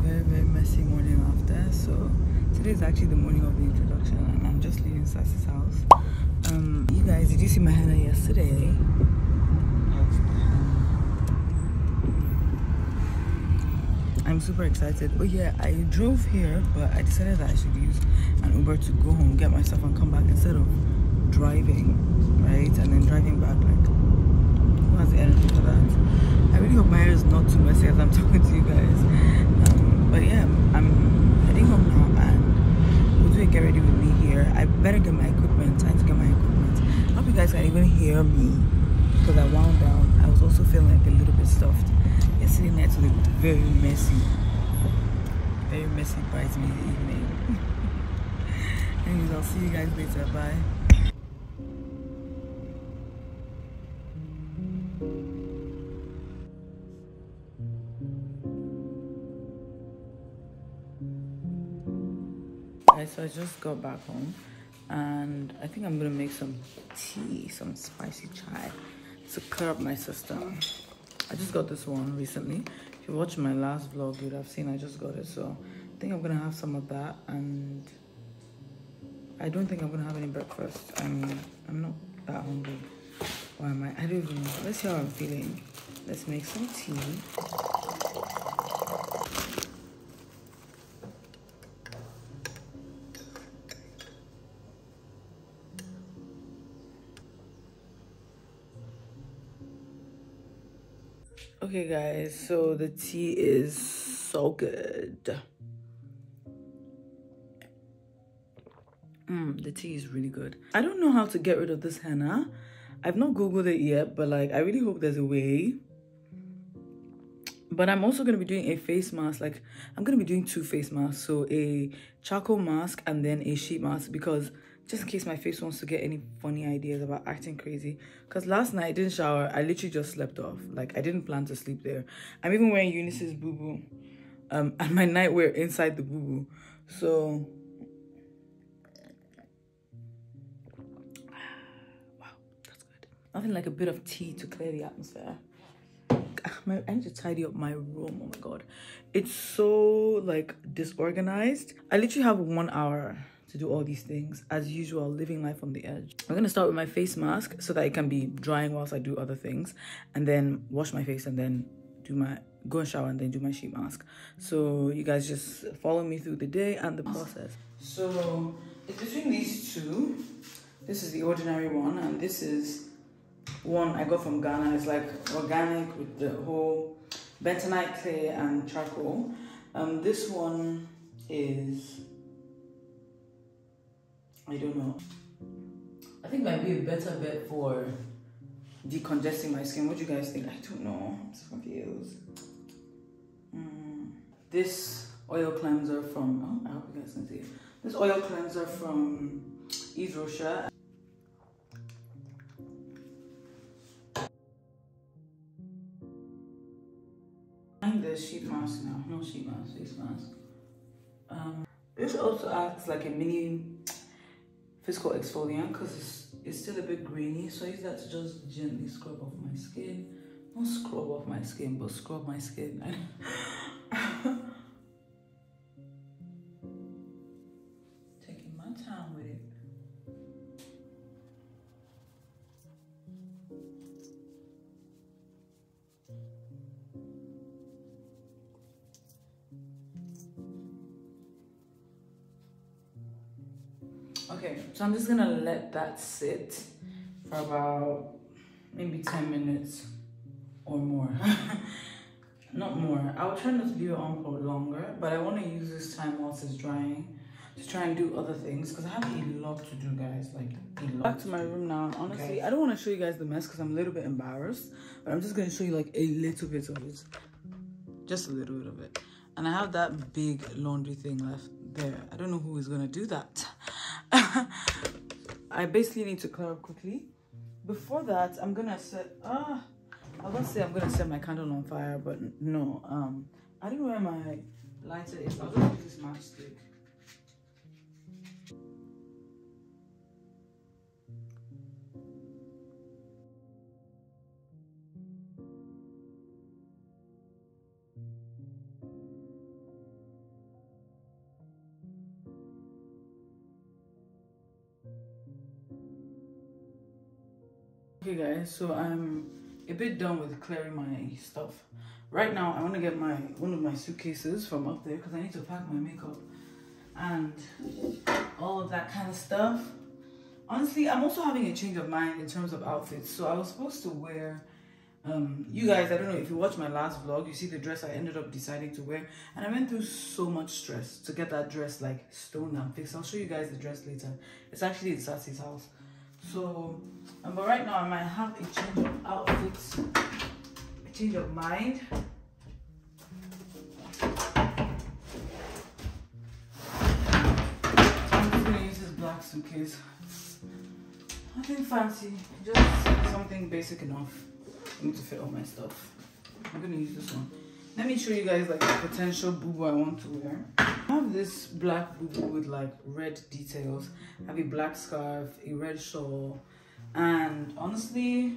very very messy morning after so today is actually the morning of the introduction and i'm just leaving sassy's house um you guys did you see my henna yesterday I'm super excited. Oh yeah, I drove here, but I decided that I should use an Uber to go home, get myself, and come back instead of driving, right? And then driving back, like, who has the energy for that? I really hope my hair is not too messy as I'm talking to you guys. But yeah, I'm heading home now and we'll do get ready with me here. I better get my equipment. I to get my equipment. I hope you guys can even hear me because I wound down. I was also feeling like a little bit stuffed. Yesterday night was very messy. Very messy me evening. Anyways, I'll see you guys later. Bye. So I just got back home and I think I'm gonna make some tea, some spicy chai to clear up my system. I just got this one recently. If you watched my last vlog, you'd have seen I just got it. So I think I'm gonna have some of that and I don't think I'm gonna have any breakfast. I'm I'm not that hungry. Why am I? I don't even know. Let's see how I'm feeling. Let's make some tea. Okay, guys, so the tea is so good. Mm, the tea is really good. I don't know how to get rid of this henna. I've not Googled it yet, but like, I really hope there's a way. But I'm also going to be doing a face mask. Like, I'm going to be doing two face masks. So, a charcoal mask and then a sheet mask because just in case my face wants to get any funny ideas about acting crazy because last night i didn't shower i literally just slept off like i didn't plan to sleep there i'm even wearing eunice's boo boo um and my nightwear inside the boo boo so wow that's good nothing like a bit of tea to clear the atmosphere ah, my, I need to tidy up my room. Oh my god. It's so like disorganized. I literally have one hour to do all these things. As usual, living life on the edge. I'm gonna start with my face mask so that it can be drying whilst I do other things, and then wash my face and then do my go and shower and then do my sheet mask. So you guys just follow me through the day and the process. So it's between these two. This is the ordinary one, and this is one I got from Ghana. It's like organic with the whole bentonite clay and charcoal. Um, this one is I don't know. I think might be a better bet for decongesting my skin. What do you guys think? I don't know. I'm so confused. Mm. This oil cleanser from, oh, I hope you guys can see it. This oil cleanser from Yves Rocher. this sheet mask now, not sheet mask, face mask. Um, this also acts like a mini physical exfoliant because it's, it's still a bit grainy. So I use that to just gently scrub off my skin. Not scrub off my skin, but scrub my skin. Okay, so I'm just gonna let that sit for about maybe 10 minutes or more. Not more. I will try not to leave it on for longer, but I want to use this time whilst it's drying to try and do other things because I have a lot to do, guys. Like, a lot. Back to, to my do. room now. Honestly, okay. I don't want to show you guys the mess because I'm a little bit embarrassed, but I'm just going to show you like a little bit of it. Just a little bit of it. And I have that big laundry thing left there. I don't know who is going to do that. I basically need to clear up quickly. Before that, I'm gonna set. Ah, uh, I was gonna say I'm gonna set my candle on fire, but no. Um, I don't know where my lighter is. I'll just use this matchstick. Okay guys, so I'm a bit done with clearing my stuff. Right now, I want to get my one of my suitcases from up there because I need to pack my makeup and all of that kind of stuff. Honestly, I'm also having a change of mind in terms of outfits. So I was supposed to wear, um, you guys, I don't know if you watch my last vlog, you see the dress I ended up deciding to wear. And I went through so much stress to get that dress like stoned and fixed. I'll show you guys the dress later. It's actually in Sassy's house. So, um, but right now I might have a change of outfits, a change of mind. I'm just gonna use this black suitcase. Nothing fancy, just something basic enough to fit all my stuff. I'm gonna use this one. Let me show you guys like the potential boo I want to wear this black boo with like red details. I have a black scarf, a red shawl, and honestly,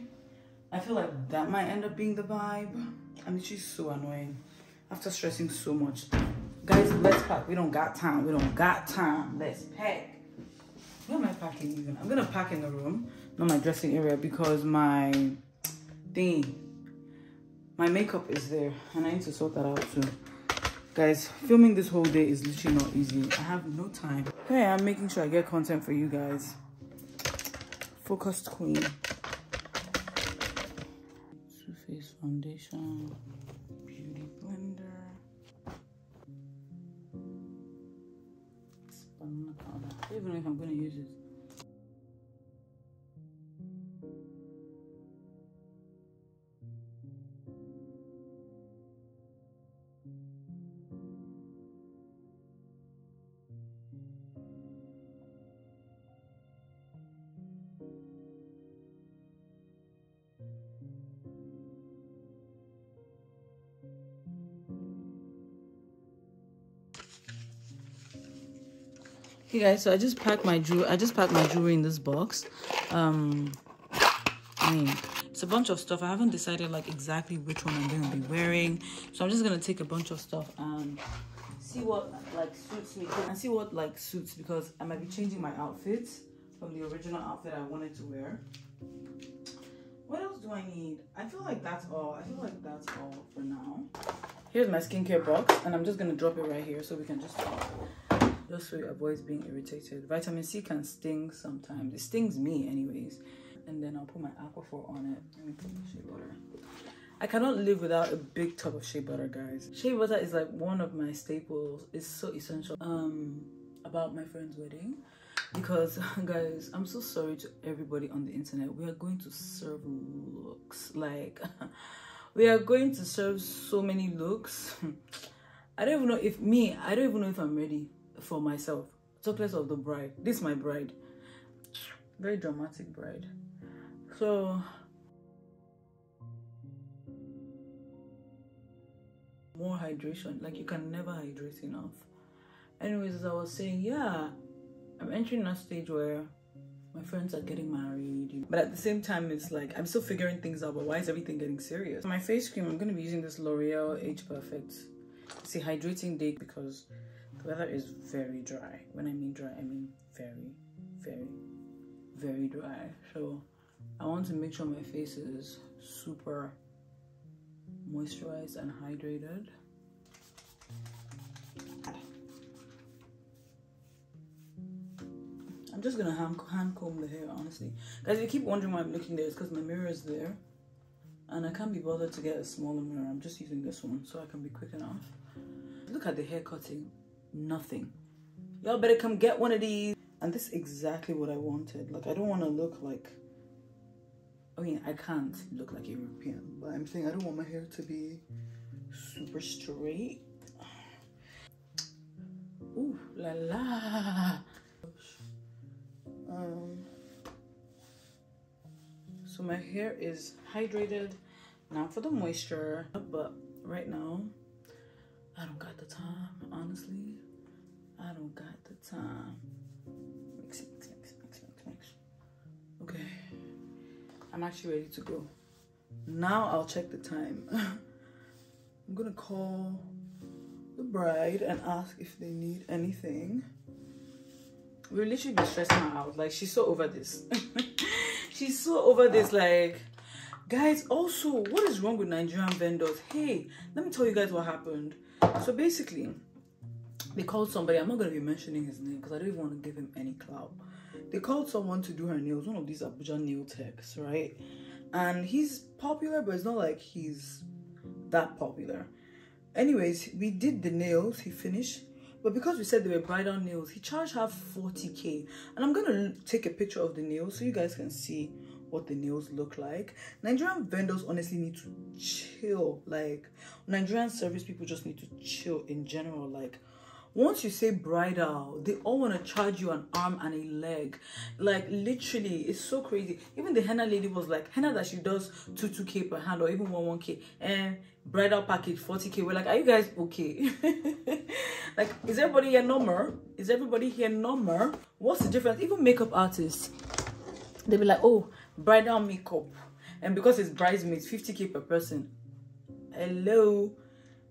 I feel like that might end up being the vibe. i mean, she's so annoying after stressing so much. Guys, let's pack. We don't got time. We don't got time. Let's pack. Where am I packing even? I'm gonna pack in the room, not my dressing area, because my thing, my makeup is there, and I need to sort that out too guys filming this whole day is literally not easy i have no time hey i'm making sure i get content for you guys focused queen two face foundation okay guys so i just packed my jewelry i just packed my jewelry in this box um i mean it's a bunch of stuff i haven't decided like exactly which one i'm going to be wearing so i'm just going to take a bunch of stuff and see what like suits me and see what like suits because i might be changing my outfit from the original outfit i wanted to wear what else do i need i feel like that's all i feel like that's all for now here's my skincare box and i'm just going to drop it right here so we can just just so it avoids being irritated. Vitamin C can sting sometimes. It stings me anyways. And then I'll put my Aquaphor on it. Let me put my shea butter. I cannot live without a big tub of shea butter, guys. Shea butter is like one of my staples. It's so essential. Um, About my friend's wedding. Because, guys, I'm so sorry to everybody on the internet. We are going to serve looks. Like, we are going to serve so many looks. I don't even know if me, I don't even know if I'm ready for myself. Chocolates of the bride. This my bride. Very dramatic bride. So more hydration. Like you can never hydrate enough. Anyways, as I was saying, yeah, I'm entering a stage where my friends are getting married. But at the same time, it's like, I'm still figuring things out, but why is everything getting serious? My face cream, I'm gonna be using this L'Oreal Age Perfect. It's a hydrating day because weather is very dry. When I mean dry, I mean very, very, very dry. So I want to make sure my face is super moisturized and hydrated. I'm just gonna hand, hand comb the hair, honestly. Guys, you keep wondering why I'm looking there, it's because my mirror is there. And I can't be bothered to get a smaller mirror. I'm just using this one so I can be quick enough. Look at the hair cutting nothing. Y'all better come get one of these. And this is exactly what I wanted. Like, I don't want to look like... I mean, I can't look like European, but I'm saying I don't want my hair to be super straight. Ooh, la la. Um, so my hair is hydrated. Now for the moisture, but right now, I don't got the time, honestly. I don't got the time. Mix mix, mix, mix, mix, mix. Okay. I'm actually ready to go. Now I'll check the time. I'm gonna call the bride and ask if they need anything. we are literally be stressing her out. Like she's so over this. she's so over this, like guys also what is wrong with nigerian vendors hey let me tell you guys what happened so basically they called somebody. I'm not gonna be mentioning his name because I don't even want to give him any clout. They called someone to do her nails, one of these Abuja nail techs, right? And he's popular, but it's not like he's that popular. Anyways, we did the nails. He finished. But because we said they were bridal nails, he charged her 40k. And I'm going to take a picture of the nails so you guys can see what the nails look like. Nigerian vendors honestly need to chill. Like, Nigerian service people just need to chill in general. Like, once you say bridal they all want to charge you an arm and a leg like literally it's so crazy even the henna lady was like henna that she does 2-2k per hand or even 1-1k and eh, bridal package 40k we're like are you guys okay like is everybody here normal is everybody here normal what's the difference even makeup artists they'll be like oh bridal makeup and because it's bridesmaids 50k per person hello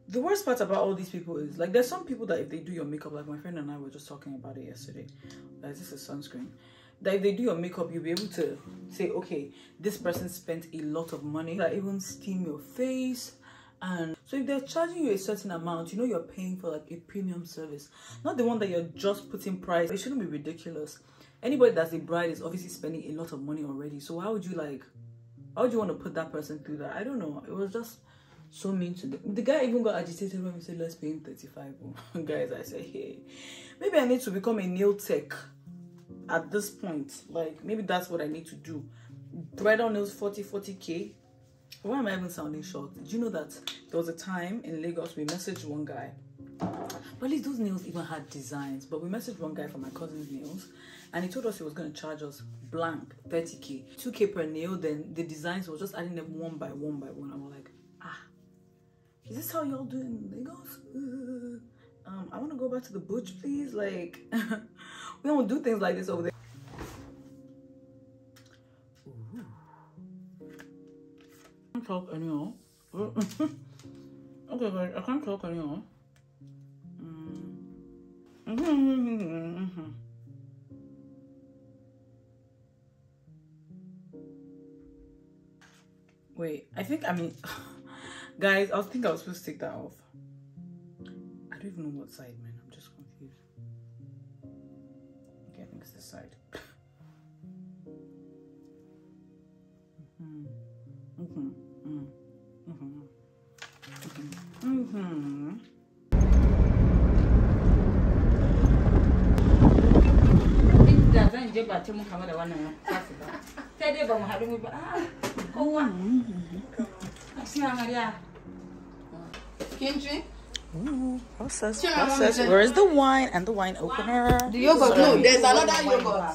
the worst part about all these people is like there's some people that if they do your makeup, like my friend and I were just talking about it yesterday. Like this is sunscreen. That if they do your makeup, you'll be able to say, okay, this person spent a lot of money. Like even steam your face. And so if they're charging you a certain amount, you know you're paying for like a premium service. Not the one that you're just putting price. It shouldn't be ridiculous. Anybody that's a bride is obviously spending a lot of money already. So why would you like, why would you want to put that person through that? I don't know. It was just so mean to them. The guy even got agitated when we said, let's pay him 35. Guys, I said, hey, maybe I need to become a nail tech at this point. Like, maybe that's what I need to do. Bridal nails 40, 40K. Why am I even sounding short? Do you know that there was a time in Lagos we messaged one guy. But at least those nails even had designs. But we messaged one guy for my cousin's nails and he told us he was going to charge us blank 30k 2k per nail then the designs were just adding them one by one by one i was like is this how y'all doing Lagos? Uh, um, I want to go back to the butch, please. Like, we don't do things like this over there. Ooh. I can't talk anymore. okay, guys, I can't talk anymore. Wait, I think I mean. Guys, I think I was supposed to take that off. I don't even know what side, man. I'm just confused. Okay, I think it's this side. mm -hmm. Mm -hmm. Mm -hmm. Mm -hmm. Mm-hmm. process, process. Where is the wine and the wine opener? The yogurt. No, there's another yogurt.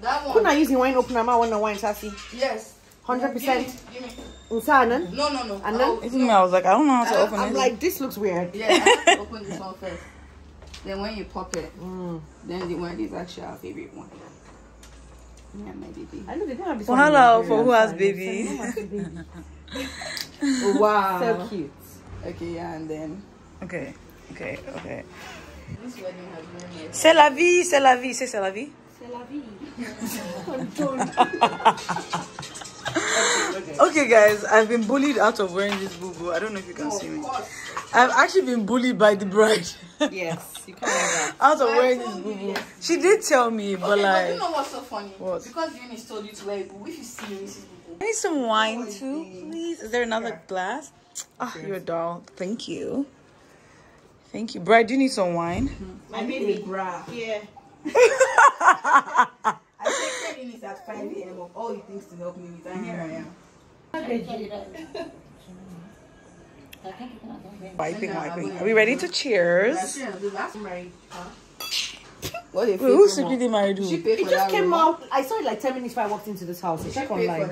That one. not using wine opener, I want the wine, Sassy. Yes. 100%. Inside, no? No, no, no. And then? Even me, I was like, I don't know how to open it. I'm like, this looks weird. Yeah, I have to open this one first. Then when you pop it, mm. then the wine is actually our favorite one. Well, hello for who has baby. wow. So cute. Okay, yeah, and then. Okay, okay, okay. This wedding has been. C'est la vie, c'est la vie, c'est la vie. C'est la vie. I'm okay guys i've been bullied out of wearing this boo-boo i don't know if you can oh, see me i've actually been bullied by the bride yes you can't that. out of wearing this boo-boo yes. she did tell me okay, but like but you know what's so funny what because Eunice told you to wear boo if you see Eunice's boo-boo i need some wine oh, too please is there another yeah. glass ah oh, yes. you're a doll thank you thank you bride do you need some wine mm -hmm. i bra yeah doing it at 5 a.m. of all the things to help me with, and here I am. Wiping, wiping. Are we ready to cheers? What if Wait, who secretly married who? She paid it just came room. out. I saw it like 10 minutes before I walked into this house. Check online.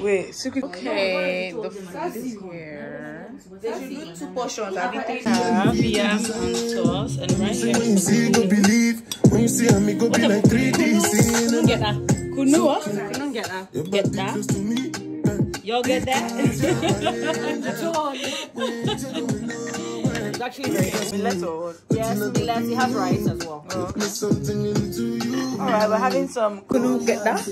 Wait, secret. Oh, okay, the food is here. There's should two portions. I'll be taking sauce and rice. When you see me go be like 3D Get that. Kunua? Couldn't get that. Get that. Y'all get that? it's actually very good. Yes, millet. It has rice as well. Oh. Alright, we're having some kunu get that.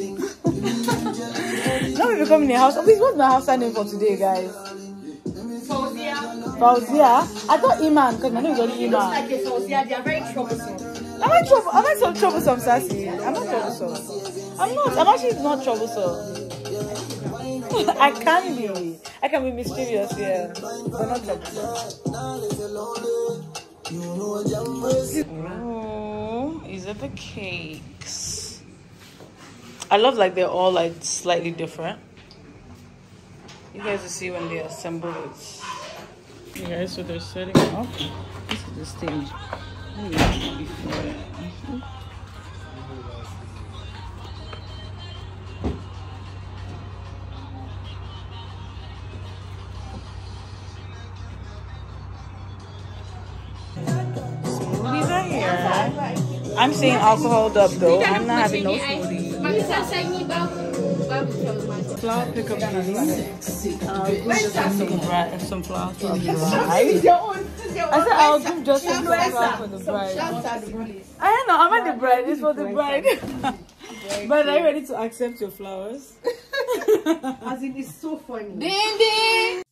now we're becoming a house. please, what's my house name for today, guys? Fauzia. Fauzia? I thought Iman, because my name is only Iman. looks like a Fauzia. They are very troublesome. Am I trouble? Am I so troublesome, Sassy? Am I troublesome? I'm not. I'm actually not troublesome. I can be. I can be mysterious, yeah, but not troublesome. Ooh, these are the cakes. I love like they're all like slightly different. You guys will see when they assemble it. Okay, so they're setting up. This is the stage before. Mm -hmm. I'm seeing alcohol up though. I'm not having no eh. smoothie. Flower pickup for me. Uh, some, some flowers I said I'll give just a flower for the bride. I know, I'm not the bride. It's for the bride. but are you ready to accept your flowers? As it's so funny. Ding ding.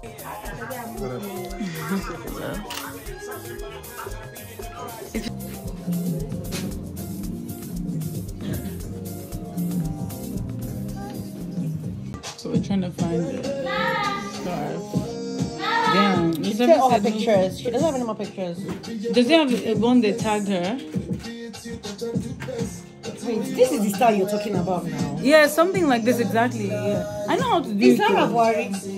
so we're trying to find the scarf. Damn. Does Take all her pictures. She doesn't have any more pictures. Does it have a one that tagged her? Wait, this is the style you're talking about now. Yeah, something like this exactly. Yeah. I know how to do is it. Is that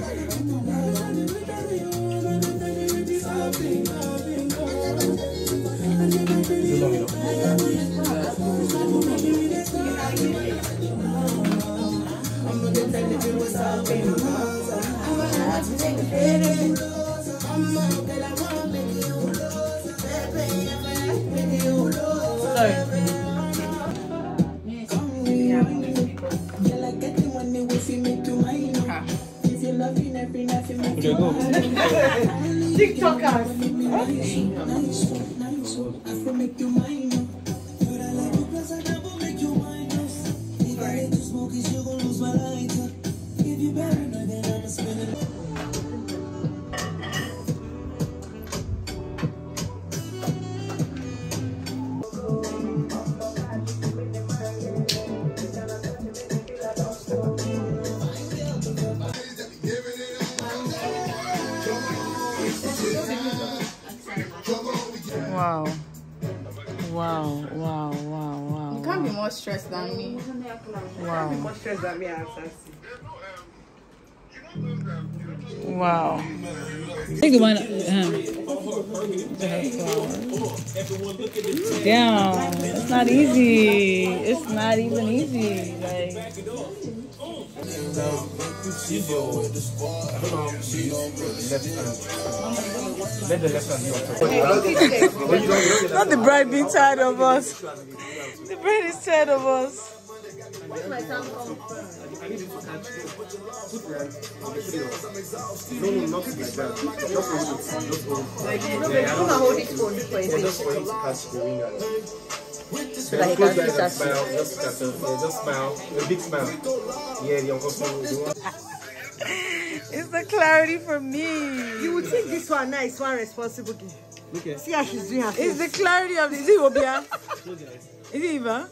TikTokers. Wow. Wow, wow, wow, wow. You can't be more stressed than me. Wow. You can't be more stressed than me, Ansasi. Wow. I the one. Uh, uh-huh. Damn, it's not easy. It's not even easy. Like. Not the bride being tired of us. The bride is tired of us my come from? I need you to catch Put on the No, no, not like that. Just hold it. Just hold it. Like, yeah, don't hold it Just for to catch the So that close your eyes smile. Just look at just smile. A big smile. Yeah, the uncomfortable. it's the clarity for me. You would think this one nice, one responsible. Look okay. See how she's doing her face. It's the clarity of the. Is it Obia? Is it Eva?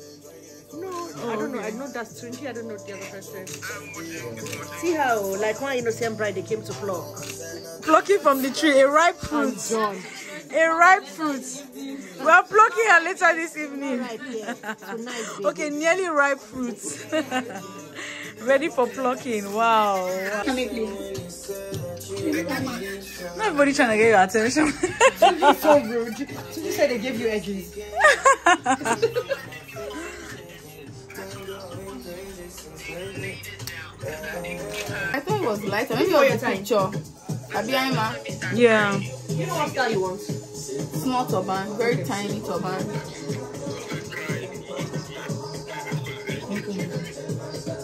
No, oh, I don't know. I know that's Trinity. I don't know the other person. See how, like one innocent bride, they came to pluck. Plucking from the tree, a ripe fruit. A ripe fruit. We are plucking her later this evening. okay, nearly ripe fruits. Ready for plucking. Wow. Come here, please. Not everybody trying to get your attention. so rude. So you said they gave you edges. I thought it was lighter. Maybe was the picture. Abiyama. Yeah. You know what style you want? Small turban, very tiny turban.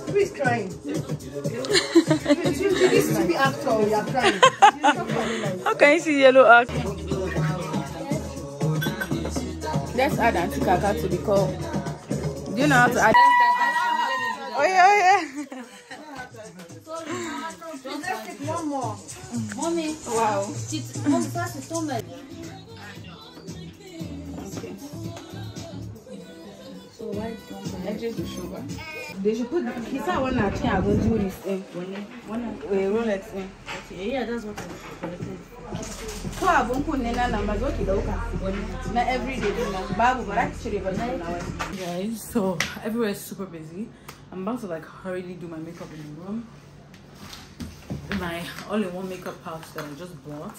Who is crying? this is actor. Oh, you are crying. How can you see yellow actor? Let's add Auntie to the call. Do you know how to add? Oh yeah, oh yeah. One more, mommy. Wow. Mom class is so much. Okay. So why don't I just do sugar? They should put. He said one at here. I'm going to do this. thing. one. One. roll it in. Okay. Yeah, that's what I'm collecting. ko abun kunne na nan Not ki dauka na everyday din nan babu bara ki cire ba na wani guys so everywhere is super busy i'm about to like hurriedly do my makeup in the room my all-in-one makeup pouch that I just bought.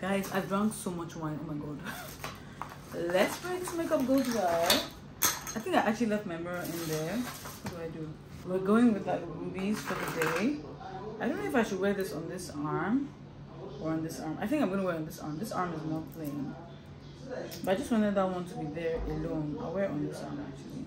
Guys, I have drank so much wine. Oh my god. Let's pray this makeup goes well. I think I actually left my mirror in there. What do I do? We're going with like rubies for the day. I don't know if I should wear this on this arm or on this arm. I think I'm gonna wear on this arm. This arm is not plain. But I just wanted that one to be there alone. I'll wear it on this arm actually.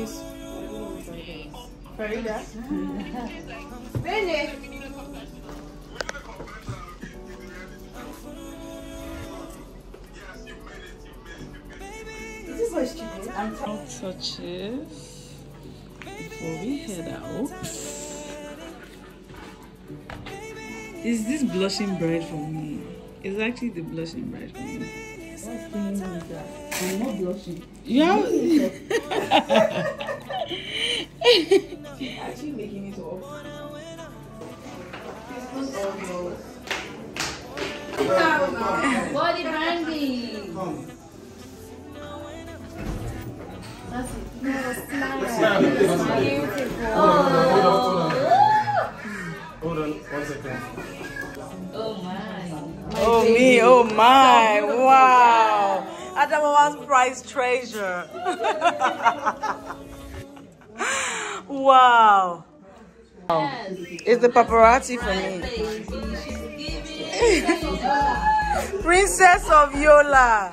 Yes. Farida. Bene. This is what she did. I'm touches. Before we head out. Is this blushing bright for me? It's actually the blushing bright for me. What's the name of that? I'm not blushing. Yeah making it Body That's it. Oh. Oh my. oh me, oh my. Wow at our one prize treasure. wow. Yes. It's the paparazzi for me. Princess of Yola.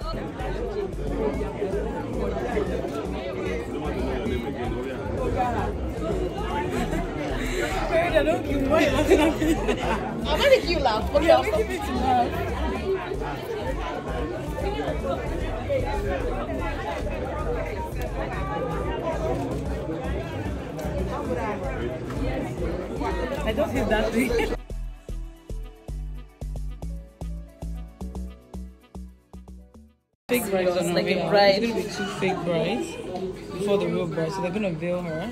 I don't give you laugh. I'm not making you laugh. Okay, I'm making me to laugh. I don't feel that way. fake brides are like a bride. It's gonna be two fake brides before the real bride, so they're gonna veil her.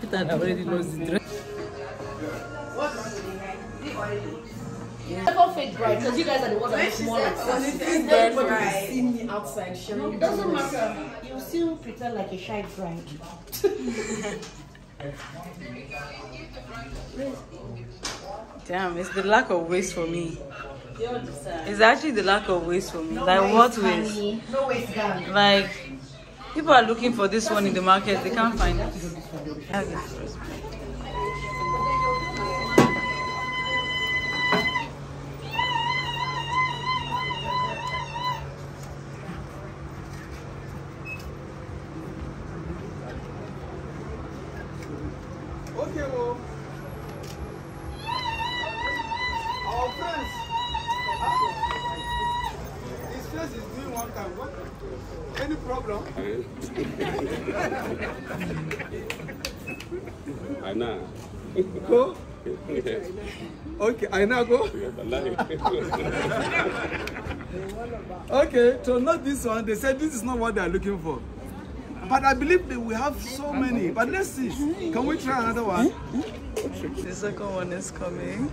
Peter already knows the dress. Yeah. I do not fake bright because you guys are the ones that look more like oh, Everybody right. see me outside sharing. No, it doesn't matter. You still pretend like a shy bride. Damn, it's the lack of waste for me. It's actually the lack of waste for me. No like, what waste? No waste, down. Like, people are looking for this one in the market, they can't find it. I Ana. Go? Yes. Okay, Aina go? okay, so not this one. They said this is not what they are looking for. But I believe that we have so many. But let's see. Can we try another one? The second one is coming.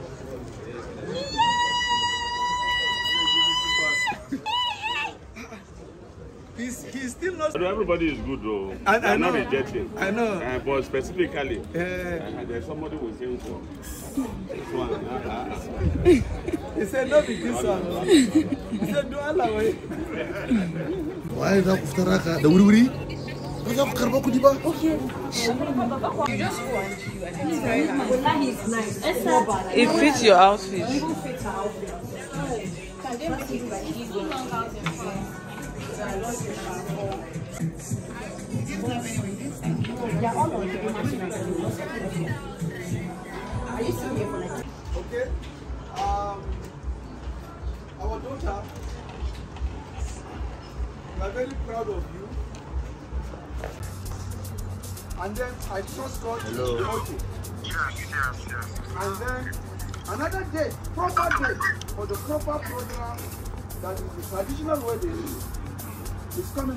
He's, he's still not. Although everybody is good, though. I, I know. not rejecting. I know. Uh, but specifically, uh, uh, there's somebody who's saying for this one. Uh, uh, uh. he said, not with this one. he said, do Allah way. Why is that Fuftaraka? Uh, the Wuri Wuri? You just go and you It fits your outfit. It fits her outfit. Okay. Um our daughter we are very proud of you. And then I just got to Okay. Yeah, And then another day, proper day for the proper program that is the traditional wedding. It's coming.